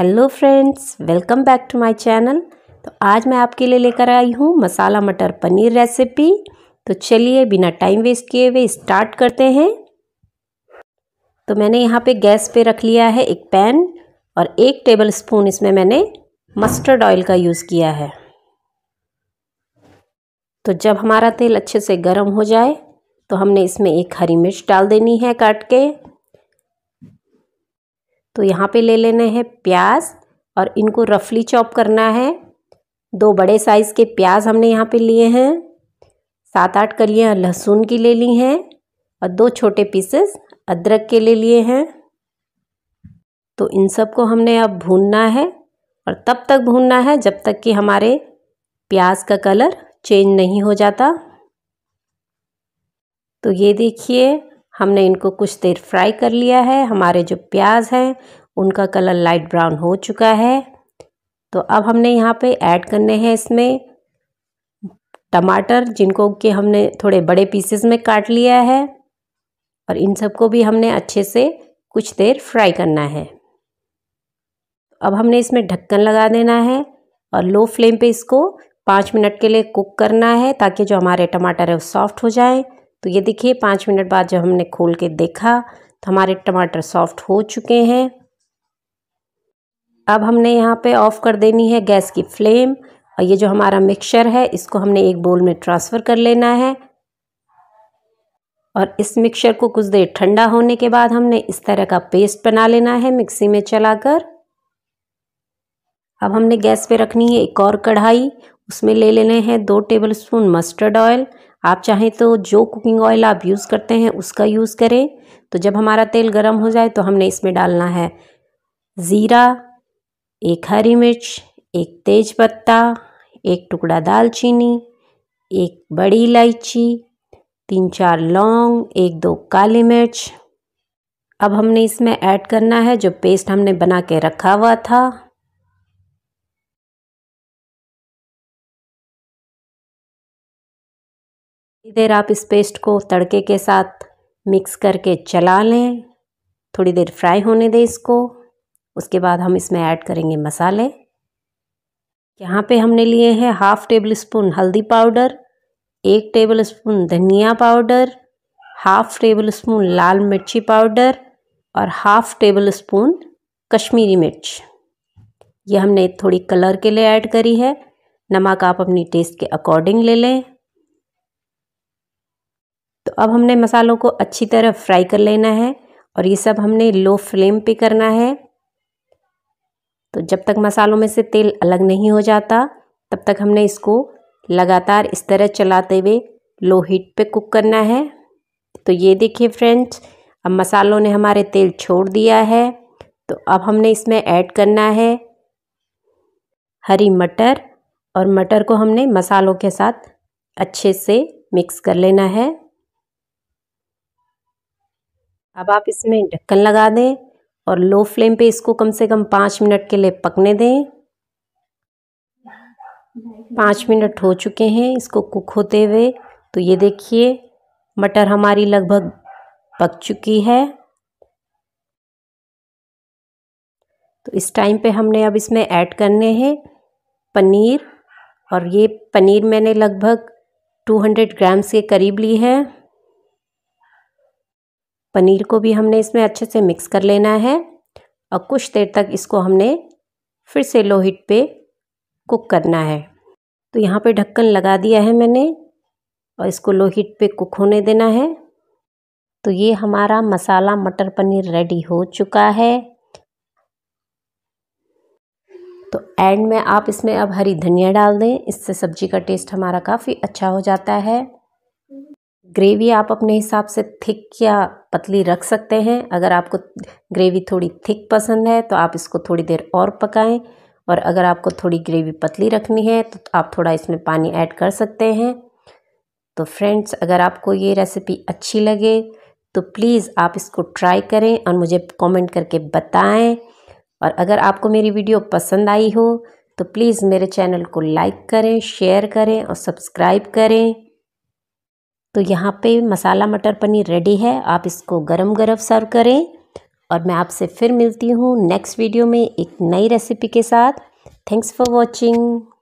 hello friends welcome back to my channel तो आज मैं आपके लिए लेकर आई हूँ मसाला मटर पनीर रेसिपी तो चलिए बिना टाइम वेस्ट किए हुए स्टार्ट करते हैं तो मैंने यहाँ पे गैस पे रख लिया है एक पैन और एक टेबल स्पून इसमें मैंने मस्टर्ड ऑयल का यूज़ किया है तो जब हमारा तेल अच्छे से गर्म हो जाए तो हमने इसमें एक हरी मिर्च डाल देनी है काट के तो यहाँ पे ले लेने हैं प्याज और इनको रफली चॉप करना है दो बड़े साइज़ के प्याज हमने यहाँ पे लिए हैं सात आठ कलियाँ लहसुन की ले ली हैं और दो छोटे पीसेस अदरक के ले लिए हैं तो इन सब को हमने अब भूनना है और तब तक भूनना है जब तक कि हमारे प्याज का कलर चेंज नहीं हो जाता तो ये देखिए हमने इनको कुछ देर फ्राई कर लिया है हमारे जो प्याज हैं उनका कलर लाइट ब्राउन हो चुका है तो अब हमने यहाँ पे ऐड करने हैं इसमें टमाटर जिनको कि हमने थोड़े बड़े पीसेस में काट लिया है और इन सबको भी हमने अच्छे से कुछ देर फ्राई करना है अब हमने इसमें ढक्कन लगा देना है और लो फ्लेम पे इसको पाँच मिनट के लिए कुक करना है ताकि जो हमारे टमाटर है वो सॉफ्ट हो जाए तो ये देखिए पाँच मिनट बाद जब हमने खोल के देखा तो हमारे टमाटर सॉफ्ट हो चुके हैं अब हमने यहाँ पे ऑफ़ कर देनी है गैस की फ्लेम और ये जो हमारा मिक्सचर है इसको हमने एक बोल में ट्रांसफ़र कर लेना है और इस मिक्सचर को कुछ देर ठंडा होने के बाद हमने इस तरह का पेस्ट बना लेना है मिक्सी में चलाकर अब हमने गैस पे रखनी है एक और कढ़ाई उसमें ले लेने हैं दो टेबलस्पून मस्टर्ड ऑयल आप चाहें तो जो कुकिंग ऑयल आप यूज़ करते हैं उसका यूज़ करें तो जब हमारा तेल गर्म हो जाए तो हमने इसमें डालना है ज़ीरा एक हरी मिर्च एक तेज पत्ता एक टुकड़ा दालचीनी एक बड़ी इलायची तीन चार लौंग एक दो काली मिर्च अब हमने इसमें ऐड करना है जो पेस्ट हमने बना के रखा हुआ था थोड़ी देर आप इस पेस्ट को तड़के के साथ मिक्स करके चला लें थोड़ी देर फ्राई होने दें इसको उसके बाद हम इसमें ऐड करेंगे मसाले यहाँ पे हमने लिए हैं हाफ़ टेबल स्पून हल्दी पाउडर एक टेबल स्पून धनिया पाउडर हाफ़ टेबल स्पून लाल मिर्ची पाउडर और हाफ़ टेबल स्पून कश्मीरी मिर्च ये हमने थोड़ी कलर के लिए ऐड करी है नमक आप अपनी टेस्ट के अकॉर्डिंग ले लें अब हमने मसालों को अच्छी तरह फ्राई कर लेना है और ये सब हमने लो फ्लेम पे करना है तो जब तक मसालों में से तेल अलग नहीं हो जाता तब तक हमने इसको लगातार इस तरह चलाते हुए लो हीट पे कुक करना है तो ये देखिए फ्रेंड्स अब मसालों ने हमारे तेल छोड़ दिया है तो अब हमने इसमें ऐड करना है हरी मटर और मटर को हमने मसालों के साथ अच्छे से मिक्स कर लेना है अब आप इसमें ढक्कन लगा दें और लो फ्लेम पे इसको कम से कम पाँच मिनट के लिए पकने दें पाँच मिनट हो चुके हैं इसको कुक होते हुए तो ये देखिए मटर हमारी लगभग पक चुकी है तो इस टाइम पे हमने अब इसमें ऐड करने हैं पनीर और ये पनीर मैंने लगभग 200 ग्राम्स के करीब ली है पनीर को भी हमने इसमें अच्छे से मिक्स कर लेना है और कुछ देर तक इसको हमने फिर से लो हीट पे कुक करना है तो यहाँ पे ढक्कन लगा दिया है मैंने और इसको लो हीट पे कुक होने देना है तो ये हमारा मसाला मटर पनीर रेडी हो चुका है तो एंड में आप इसमें अब हरी धनिया डाल दें इससे सब्जी का टेस्ट हमारा काफ़ी अच्छा हो जाता है ग्रेवी आप अपने हिसाब से थिक या पतली रख सकते हैं अगर आपको ग्रेवी थोड़ी थिक पसंद है तो आप इसको थोड़ी देर और पकाएं और अगर आपको थोड़ी ग्रेवी पतली रखनी है तो आप थोड़ा इसमें पानी ऐड कर सकते हैं तो फ्रेंड्स अगर आपको ये रेसिपी अच्छी लगे तो प्लीज़ आप इसको ट्राई करें और मुझे कमेंट करके बताएं और अगर आपको मेरी वीडियो पसंद आई हो तो प्लीज़ मेरे चैनल को लाइक करें शेयर करें और सब्सक्राइब करें तो यहाँ पे मसाला मटर पनीर रेडी है आप इसको गरम गरम सर्व करें और मैं आपसे फिर मिलती हूँ नेक्स्ट वीडियो में एक नई रेसिपी के साथ थैंक्स फॉर वॉचिंग